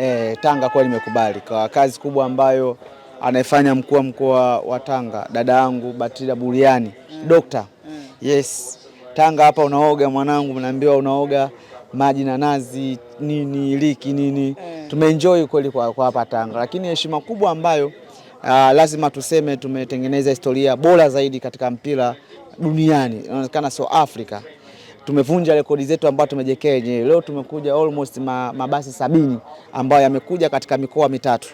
e, Tanga kweli limekubali kwa kazi kubwa ambayo anaifanya mkuu wa mkoa wa Tanga, dada yangu Batila Buriani mm. Dokta mm. Yes, Tanga hapa unaoga mwanangu, mnaambiwa unaoga maji na nazi nini liki nini mm. Tumeenjoy kweli kwa hapa Tanga, lakini heshima kubwa ambayo uh, lazima tuseme tumetengeneza historia bora zaidi katika mpira duniani, inaonekana sio Afrika tumevunja rekodi zetu ambayo tumejekea wenyewe. Leo tumekuja almost ma, mabasi sabini ambayo yamekuja katika mikoa mitatu,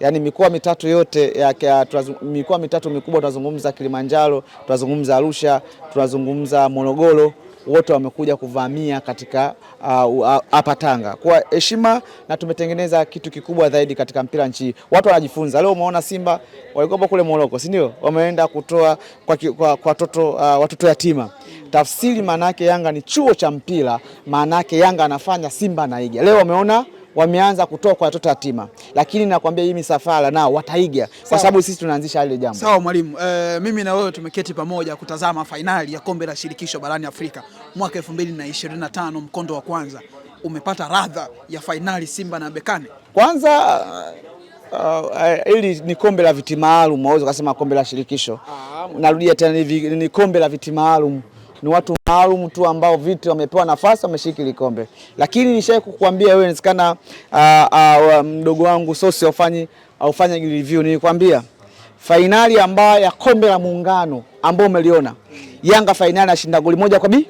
yaani mikoa mitatu yote ya, ya, mikoa mitatu mikubwa tunazungumza Kilimanjaro, tunazungumza Arusha, tunazungumza Morogoro wote wamekuja kuvamia katika uh, uh, hapa uh, Tanga kwa heshima, na tumetengeneza kitu kikubwa zaidi katika mpira nchi. Watu wanajifunza leo. Umeona Simba walikuwa kule Moroko, si ndio? Wameenda kutoa kwa, kwa, kwa toto, uh, watoto yatima tafsiri maana yake Yanga ni chuo cha mpira, maana yake Yanga anafanya Simba naiga Leo wameona wameanza kutoa kwa watoto yatima, lakini nakwambia hii misafara nao wataiga kwa sababu sisi tunaanzisha ile jambo. Sawa mwalimu. E, mimi na wewe tumeketi pamoja kutazama fainali ya kombe la shirikisho barani Afrika mwaka 2025 mkondo wa kwanza. Umepata radha ya fainali Simba na Bekane? Kwanza hili uh, uh, uh ni kombe la viti maalum, waweza kusema kombe la shirikisho. Ah, Narudia tena, ni kombe la viti maalum ni watu maalum tu ambao vitu wamepewa nafasi, wameshika likombe. Lakini nishaye kukuambia wewe, inawezekana ah, ah, mdogo wangu Sosi aufanye aufanye review, nilikwambia fainali ambayo ya kombe la Muungano ambao umeliona Yanga fainali anashinda goli moja kwa bi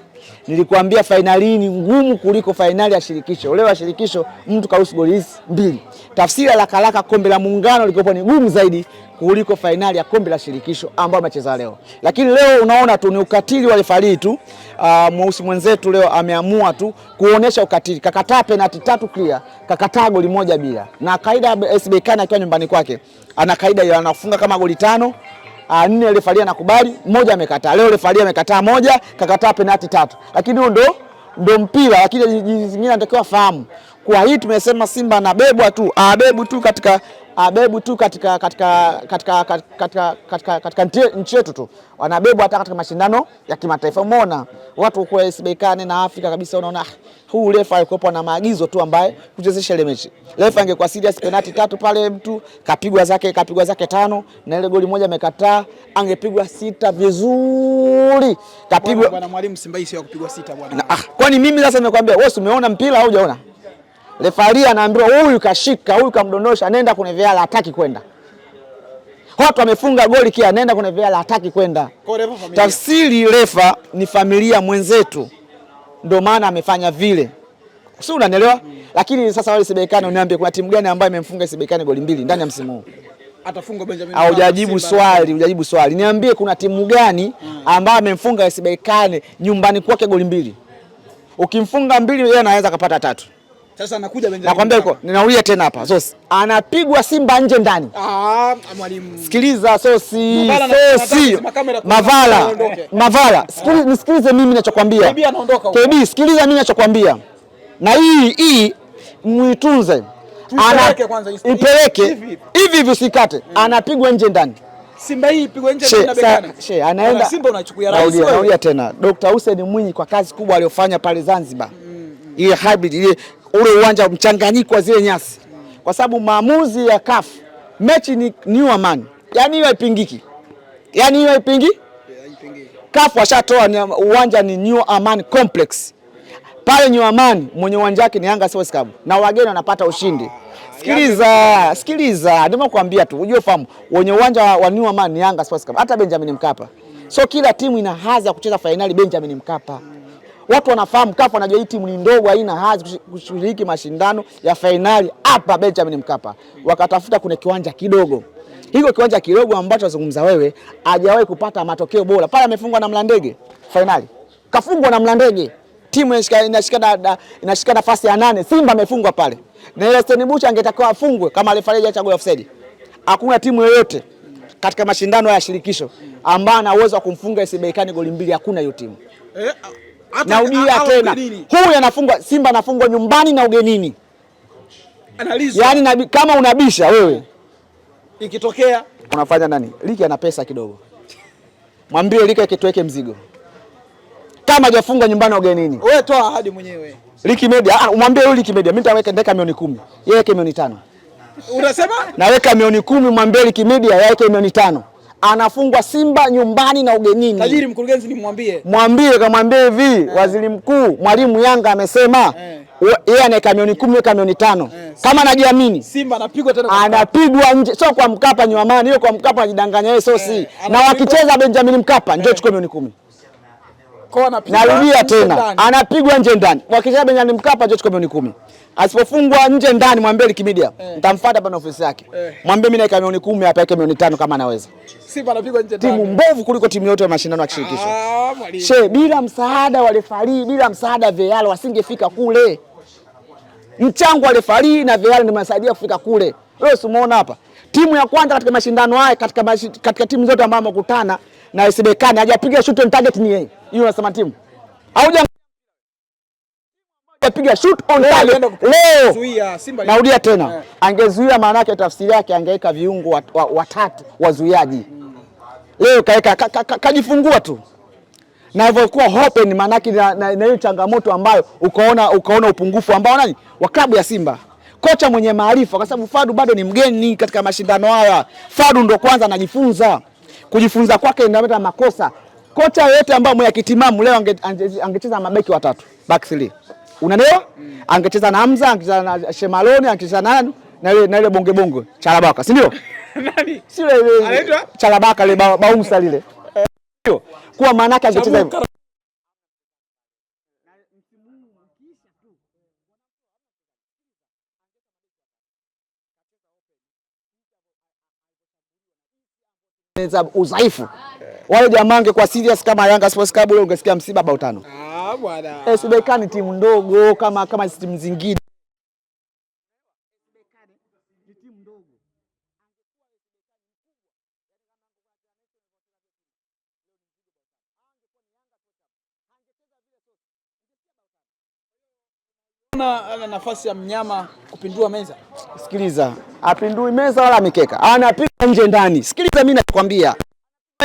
Nilikuambia fainali hii ni ngumu kuliko fainali ya shirikisho. Leo ya shirikisho mtu karuhusu goli hizi mbili. Tafsiri la haraka, kombe la muungano likopo ni gumu zaidi kuliko fainali ya kombe la shirikisho ambayo amecheza leo. Lakini leo unaona tu ni ukatili wa refari tu. Uh, mweusi mwenzetu leo ameamua tu kuonesha ukatili, kakataa penalti tatu clear, kakataa goli moja bila, na kaida ya SB akiwa nyumbani kwake ana kaida ya anafunga kama goli tano ah, nne refari anakubali moja, amekataa leo. Refari amekataa moja, kakataa penalti tatu, lakini huo ndo ndo mpira. Lakini zingine anatakiwa fahamu kwa hii tumesema Simba anabebwa tu abebu tu katika abebu tu katika, katika, katika, katika, katika, katika nchi yetu tu wanabebwa hata katika mashindano ya kimataifa. Umeona watu kwa Sibekane na Afrika kabisa, unaona ah, huu refa alikuwa na maagizo tu ambaye kuchezesha ile mechi. Refa angekuwa serious, penalti tatu pale mtu kapigwa zake kapigwa zake tano, na ile goli moja amekataa, angepigwa sita vizuri, kapigwa bwana mwalimu. Simba hii sio kupigwa sita bwana. Ah, kwani mimi sasa nimekwambia wewe umeona mpira au hujaona? Refari anaambiwa oh, huyu kashika, huyu kamdondosha, nenda kwenye VAR, hataki kwenda. Watu wamefunga goli kia, nenda kwenye VAR, hataki kwenda. Tafsiri refa ni familia mwenzetu, ndio maana amefanya vile, si unanielewa? Hmm. Lakini sasa wale Sibekani, uniambie kuna timu gani ambayo imemfunga Sibekani goli mbili ndani ya msimu huu? Atafunga Benjamin. Au hujajibu swali, hujajibu swali. Niambie kuna timu gani hmm. ambayo amemfunga Sibekani nyumbani kwake goli mbili? Ukimfunga mbili, yeye anaweza kupata tatu. Sasa anakuja Benjamin. Nakwambia yuko. Ninaulia tena hapa. Sosi. Anapigwa Simba nje ndani. Ah, ah mwalimu. Sikiliza Sosi. Sosi. Mavala. Mavala. Sikiliza ah. nisikilize mimi ninachokwambia. KB anaondoka huko. KB sikiliza mimi ninachokwambia. Na hii hii muitunze. Ana kwanza. Ipeleke. Hivi hivi usikate. Hmm. Anapigwa nje ndani. Simba hii ipigwe nje ndani na bekana. She, anaenda. Simba unachukua rahisi. Naulia tena. Dr. Hussein Mwinyi kwa kazi kubwa aliyofanya pale Zanzibar. Hmm, hmm. Ile hybrid ile ule uwanja mchanganyiko wa zile nyasi, kwa sababu maamuzi ya CAF mechi ni new amani, yani hiyo haipingiki, yani hiyo haipingi. CAF washatoa uwanja ni new amani complex pale New Amani, mwenye uwanja wake ni Yanga Sports Club na wageni wanapata ushindi. Sikiliza, sikiliza, nimekuambia tu ujue, fahamu wenye uwanja wa New Amani ni Yanga Sports Club, hata Benjamin Mkapa. So kila timu ina haza ya kucheza fainali Benjamin Mkapa watu wanafahamu, Kafu wanajua hii timu ni ndogo, haina hadhi kushiriki mashindano ya fainali hapa Benjamin Mkapa, wakatafuta kuna kiwanja kidogo hiko kiwanja kidogo ambacho wazungumza wewe, hajawahi kupata matokeo bora pale. Amefungwa na Mlandege fainali, kafungwa na Mlandege, timu inashika inashika nafasi ya nane. Simba amefungwa pale, na ile Stellenbosch angetakiwa afungwe kama refareji goal offside. Hakuna timu yoyote katika mashindano ya shirikisho ambayo ana uwezo wa kumfunga Sbeikani goli mbili, hakuna hiyo timu eh naudia tena, huyu anafungwa Simba anafungwa nyumbani na ugenini. Yaani na, kama unabisha wewe ikitokea unafanya nani? Liki ana pesa kidogo, mwambie Liki akituweke mzigo kama hajafunga nyumbani ugenini. Wewe toa ahadi mwenyewe. Liki Media, umwambie ah, huyu Liki Media, mimi nitaweka ndeka milioni kumi, yeye weke milioni tano. Unasema? Naweka milioni kumi, mwambie Liki Media yaweke milioni tano anafungwa Simba nyumbani na ugenini. Tajiri mkurugenzi, nimwambie mwambie, kamwambie hivi eh, waziri mkuu Mwalimu Yanga amesema eh. yeye eh, ana kamioni kumi na kamioni tano eh, kama anajiamini Simba anapigwa tena, anapigwa nje, sio kwa Mkapa nyumbani, hiyo kwa Mkapa anajidanganya yeye, sio si eh, na wakicheza Benjamin Mkapa eh, njoo chukua milioni kumi narudia tena, anapigwa nje ndani. Mwakisha Benjamin Mkapa George kwa milioni kumi. Asipofungwa nje ndani, mwambie Likimedia eh, nitamfuata hapa ofisi yake eh, mwambie mimi naika milioni kumi hapa, yake milioni tano kama anaweza. Simba anapigwa nje ndani, timu mbovu kuliko timu yote ya mashindano ya kishirikisho. Ah, She, bila msaada wa refari, bila msaada VAR wasingefika kule. Mchango wa refari na VAR ndio unasaidia kufika kule. Leo simuona hapa timu ya kwanza katika mashindano haya, katika, katika timu zote ambazo amekutana na isemekane hajapiga shoot on target ni yeye. Hiyo unasema timu hauja apiga shoot on target leo, narudia tena eh. Angezuia maana yake tafsiri yake angeweka viungo wat, wat, watatu wazuiaji Leo kaweka kajifungua ka, ka, ka tu na hivyo ilivyokuwa open maana yake na, na, na hiyo changamoto ambayo ukaona ukaona upungufu ambao nani wa klabu ya Simba kocha mwenye maarifa, kwa sababu Fadu bado ni mgeni katika mashindano haya. Fadu ndo kwanza anajifunza kujifunza kwake ndio makosa. Kocha yote ambaye mwa kitimamu leo angecheza ange, na mabeki watatu back three, unanielewa? Angecheza na Hamza, angecheza na Shemaloni, angecheza na na ile na ile bonge bonge Chalabaka, si ndio? Nani? Si ile ile Chalabaka, ile baumsa lile. Kwa maana yake angecheza hivyo. za udhaifu. Wale jamaa angekuwa serious kama Yanga Sports Club ule ungesikia msiba bao tano. Ah bwana. Eh, subekani timu ndogo kama kama timu zingine. Ana nafasi ya mnyama kupindua meza. Sikiliza, apindui meza wala mikeka, anapika nje ndani. Sikiliza mimi nakwambia,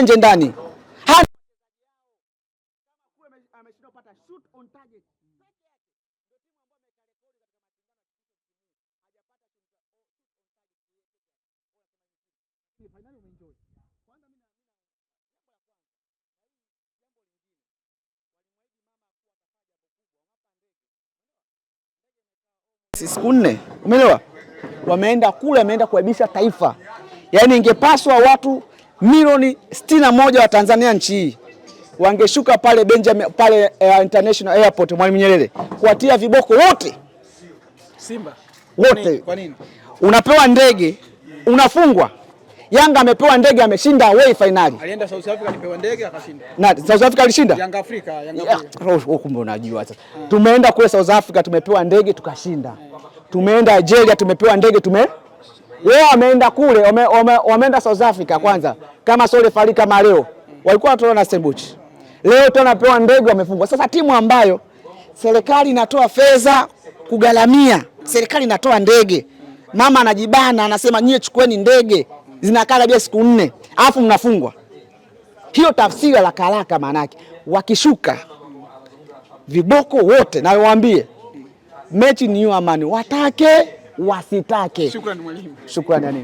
nje ndani siku nne, umeelewa? Wameenda kule, wameenda kuaibisha taifa. Yaani ingepaswa watu milioni sitini na moja wa Tanzania nchi hii wangeshuka pale Benjamin pale uh, International Airport Mwalimu Nyerere kuatia viboko wote Simba wote. Kwa nini? Unapewa ndege unafungwa. Yanga amepewa ndege ameshinda away finali. Alienda South Africa alipewa ndege akashinda. Na South Africa alishinda? Yanga Africa, Yanga Africa. Kumbe unajua sasa. Tumeenda kule South Africa tumepewa ndege tukashinda. Tumeenda Nigeria tumepewa ndege tume wao wameenda kule wameenda South Africa kwanza kama sole fali kama leo walikuwa wanatoa na Sembuchi. Leo pewa ndege wamefungwa. Sasa timu ambayo serikali inatoa fedha kugaramia, serikali inatoa ndege, mama anajibana anasema nyie chukueni ndege zinakaa labda siku nne, alafu mnafungwa. Hiyo tafsiri ya karaka maana yake wakishuka viboko wote, nawaambie mechi ni amani, watake wasitake. Shukrani mwalimu, shukrani nini?